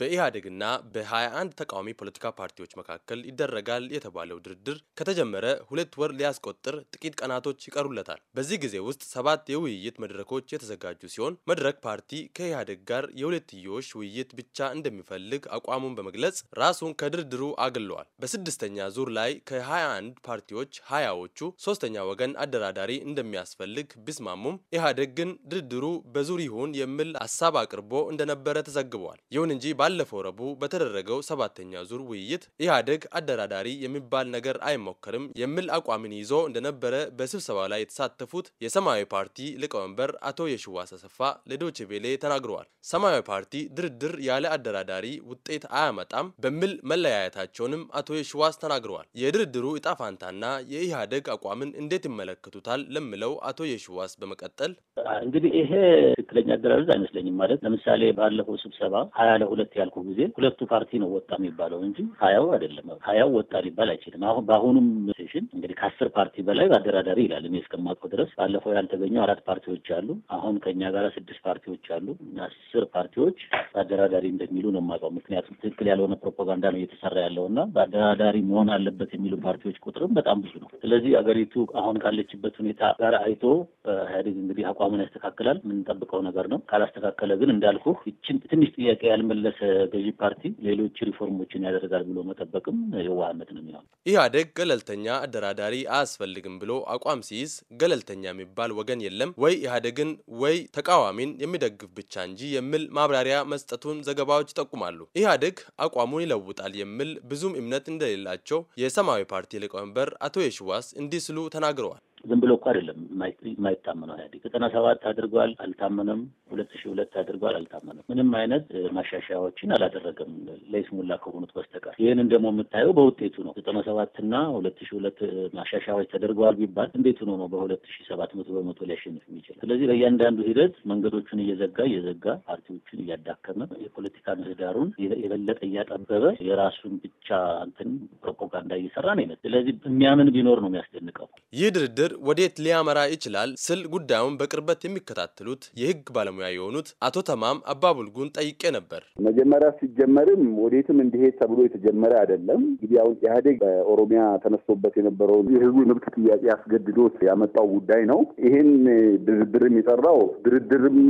በኢህአዴግና በ21 ተቃዋሚ ፖለቲካ ፓርቲዎች መካከል ይደረጋል የተባለው ድርድር ከተጀመረ ሁለት ወር ሊያስቆጥር ጥቂት ቀናቶች ይቀሩለታል። በዚህ ጊዜ ውስጥ ሰባት የውይይት መድረኮች የተዘጋጁ ሲሆን መድረክ ፓርቲ ከኢህአዴግ ጋር የሁለትዮሽ ውይይት ብቻ እንደሚፈልግ አቋሙን በመግለጽ ራሱን ከድርድሩ አግለዋል። በስድስተኛ ዙር ላይ ከ21 ፓርቲዎች ሀያዎቹ ሶስተኛ ወገን አደራዳሪ እንደሚያስፈልግ ቢስማሙም ኢህአዴግ ግን ድርድሩ በዙር ይሁን የሚል ሀሳብ አቅርቦ እንደነበረ ተዘግቧል። ይሁን እንጂ ባለፈው ረቡዕ በተደረገው ሰባተኛ ዙር ውይይት ኢህአደግ አደራዳሪ የሚባል ነገር አይሞከርም የሚል አቋምን ይዞ እንደነበረ በስብሰባ ላይ የተሳተፉት የሰማያዊ ፓርቲ ሊቀመንበር አቶ የሽዋስ አሰፋ ለዶይቼ ተናግረዋል። ሰማያዊ ፓርቲ ድርድር ያለ አደራዳሪ ውጤት አያመጣም በሚል መለያየታቸውንም አቶ የሽዋስ ተናግረዋል። የድርድሩ እጣ ፋንታና አቋምን እንዴት ይመለከቱታል ለሚለው አቶ የሽዋስ በመቀጠል እንግዲህ ይሄ ትክክለኛ አደራዳሪ አይመስለኝም። ማለት ለምሳሌ ባለፈው ስብሰባ ሀያ ለሁለት ያልኩ ጊዜ ሁለቱ ፓርቲ ነው ወጣ የሚባለው እንጂ ሀያው አይደለም። ሀያው ወጣ ሊባል አይችልም። አሁን በአሁኑም ሴሽን እንግዲህ ከአስር ፓርቲ በላይ በአደራዳሪ ይላል እኔ እስከማውቀው ድረስ። ባለፈው ያልተገኙ አራት ፓርቲዎች አሉ። አሁን ከኛ ጋር ስድስት ፓርቲዎች አሉ። አስር ፓርቲዎች በአደራዳሪ እንደሚሉ ነው የማውቀው። ምክንያቱም ትክክል ያልሆነ ፕሮፓጋንዳ ነው እየተሰራ ያለው እና በአደራዳሪ መሆን አለበት የሚሉ ፓርቲዎች ቁጥርም በጣም ብዙ ነው። ስለዚህ አገሪቱ አሁን ካለችበት ሁኔታ ጋር አይቶ ኢህአዴግ እንግዲህ አቋሙን ያስተካክላል የምንጠብቀው ነገር ነው። ካላስተካከለ ግን እንዳልኩ ይችን ትንሽ ጥያቄ ያልመለሰ ገዢ ፓርቲ ሌሎች ሪፎርሞችን ያደርጋል ብሎ መጠበቅም የዋህነት ነው የሚሆን። ኢህአዴግ ገለልተኛ አደራዳሪ አያስፈልግም ብሎ አቋም ሲይዝ ገለልተኛ የሚባል ወገን የለም ወይ ኢህአዴግን ወይ ተቃዋሚን የሚደግፍ ብቻ እንጂ የሚል ማብራሪያ መስጠቱን ዘገባዎች ይጠቁማሉ። ኢህአዴግ አቋሙን ይለውጣል የሚል ብዙም እምነት እንደሌላቸው የሰማያዊ ፓርቲ ሊቀመንበር አቶ የሽዋስ እንዲህ ስሉ ተናግረዋል። ዝም ብሎ እኮ አይደለም የማይታመነው ኢህአዴግ ዘጠና ሰባት አድርጓል፣ አልታመነም። ሁለት ሺ ሁለት አድርጓል፣ አልታመነም። ምንም አይነት ማሻሻያዎችን አላደረገም ለይስሙላ ከሆኑት በስተቀር። ይህንን ደግሞ የምታየው በውጤቱ ነው። ዘጠና ሰባትና ሁለት ሺ ሁለት ማሻሻያዎች ተደርገዋል ቢባል እንዴት ሆኖ ነው በሁለት ሺ ሰባት መቶ በመቶ ሊያሸንፍ የሚችል? ስለዚህ በእያንዳንዱ ሂደት መንገዶቹን እየዘጋ እየዘጋ ፓርቲዎቹን እያዳከመ የፖለቲካ ምህዳሩን የበለጠ እያጠበበ የራሱን ብቻ እንትን ፕሮፓጋንዳ እየሰራ ነው ይመስል። ስለዚህ የሚያምን ቢኖር ነው የሚያስደንቀው ይህ ድርድር ወዴት ሊያመራ ይችላል ስል ጉዳዩን በቅርበት የሚከታተሉት የህግ ባለሙያ የሆኑት አቶ ተማም አባቡልጉን ጠይቄ ነበር። መጀመሪያ ሲጀመርም ወዴትም እንዲሄድ ተብሎ የተጀመረ አይደለም። እንግዲህ አሁን ኢህአዴግ በኦሮሚያ ተነስቶበት የነበረውን የህዝቡ መብት ጥያቄ አስገድዶት ያመጣው ጉዳይ ነው። ይህን ድርድርም የጠራው ድርድርም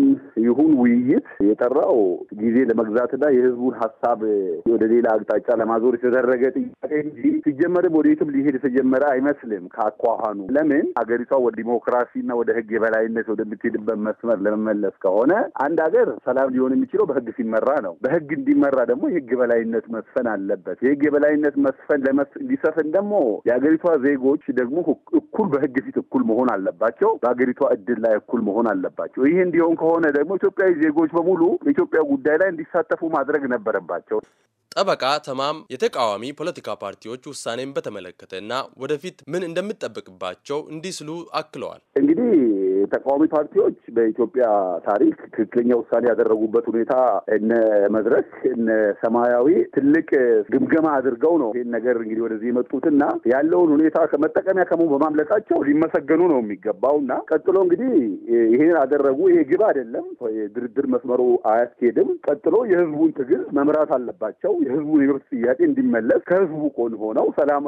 ይሁን ውይይት የጠራው ጊዜ ለመግዛትና የህዝቡን ሀሳብ ወደ ሌላ አቅጣጫ ለማዞር የተደረገ ጥያቄ እንጂ ሲጀመርም ወዴትም ሊሄድ የተጀመረ አይመስልም። ከአኳኋኑ ለምን ሀገሪቷ ወደ ዲሞክራሲና ወደ ህግ የበላይነት ወደምትሄድበት መስመር ለመመለስ ከሆነ አንድ ሀገር ሰላም ሊሆን የሚችለው በህግ ሲመራ ነው። በህግ እንዲመራ ደግሞ የህግ የበላይነት መስፈን አለበት። የህግ የበላይነት መስፈን እንዲሰፍን ደግሞ የሀገሪቷ ዜጎች ደግሞ እኩል በህግ ፊት እኩል መሆን አለባቸው። በሀገሪቷ እድል ላይ እኩል መሆን አለባቸው። ይህ እንዲሆን ከሆነ ደግሞ ኢትዮጵያዊ ዜጎች በሙሉ በኢትዮጵያ ጉዳይ ላይ እንዲሳተፉ ማድረግ ነበረባቸው። ጠበቃ ተማም የተቃዋሚ ፖለቲካ ፓርቲዎች ውሳኔን በተመለከተ እና ወደፊት ምን እንደምጠብቅባቸው እንዲህ ስሉ አክለዋል። እንግዲህ ተቃዋሚ ፓርቲዎች በኢትዮጵያ ታሪክ ትክክለኛ ውሳኔ ያደረጉበት ሁኔታ እነ መድረክ እነ ሰማያዊ ትልቅ ግምገማ አድርገው ነው ይህን ነገር እንግዲህ ወደዚህ የመጡት ያለውን ሁኔታ ከመጠቀሚያ ከመሆን በማምለጣቸው ሊመሰገኑ ነው የሚገባው እና ቀጥሎ እንግዲህ ይህንን አደረጉ። ይሄ ግብ አይደለም፣ ድርድር መስመሩ አያስኬድም። ቀጥሎ የህዝቡን ትግል መምራት አለባቸው። የህዝቡን የመብት ጥያቄ እንዲመለስ ከህዝቡ ጎን ሆነው ሰላም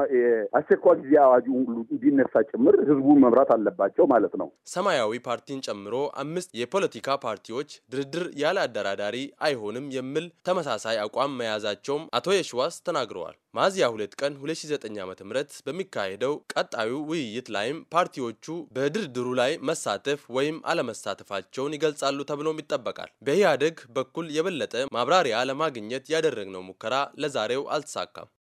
አስቸኳይ ጊዜ አዋጁ እንዲነሳ ጭምር ህዝቡን መምራት አለባቸው ማለት ነው። ሰማያዊ ሰማያዊ ፓርቲን ጨምሮ አምስት የፖለቲካ ፓርቲዎች ድርድር ያለ አደራዳሪ አይሆንም የሚል ተመሳሳይ አቋም መያዛቸውም አቶ የሽዋስ ተናግረዋል። ሚያዝያ ሁለት ቀን 2009 ዓ.ም በሚካሄደው ቀጣዩ ውይይት ላይም ፓርቲዎቹ በድርድሩ ላይ መሳተፍ ወይም አለመሳተፋቸውን ይገልጻሉ ተብሎም ይጠበቃል። በኢህአዴግ በኩል የበለጠ ማብራሪያ ለማግኘት ያደረግነው ሙከራ ለዛሬው አልተሳካም።